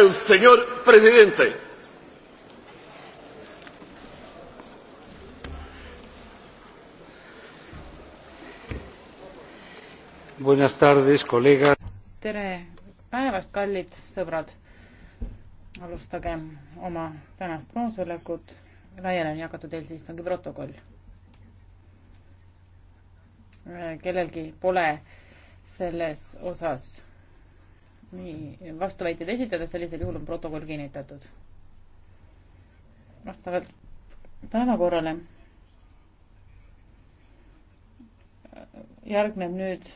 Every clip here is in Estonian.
el señor presidente. Buenas tardes, colegas. tere päevast, kallid sõbrad. alustagem oma tänast koosolekut. laiali on jagatud eilse istungi protokoll. Äh, kellelgi pole selles osas nii vastuväiteid esitada, sellisel juhul on protokoll kinnitatud. vastavalt päevakorrale järgneb nüüd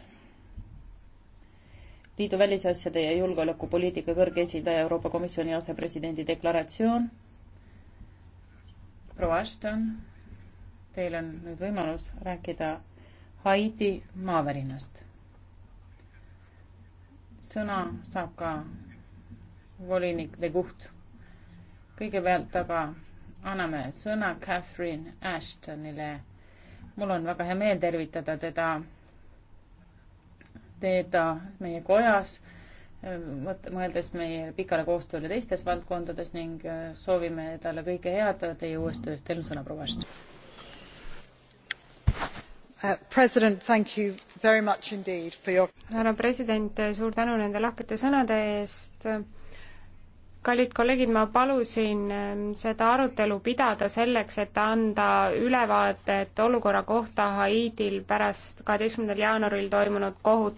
liidu välisasjade ja julgeolekupoliitika kõrge esindaja Euroopa Komisjoni asepresidendi deklaratsioon. proua Ashton, teil on nüüd võimalus rääkida Haiti maavärinast sõna saab ka volinik De Guht. kõigepealt aga anname sõna Catherine Ashtonile. mul on väga hea meel tervitada teda, teda meie kojas, mõeldes meie pikale koostööle teistes valdkondades ning soovime talle kõike head teie uues töös. Teil on sõna, proua Ashton Uh, härra president suur tänu nende lahkete sõnade eest kallid kolleegid ma palusin ähm, seda arutelu pidada selleks et anda ülevaadet olukorra kohta haitil pärast 1 jaanuaril toimunud kohut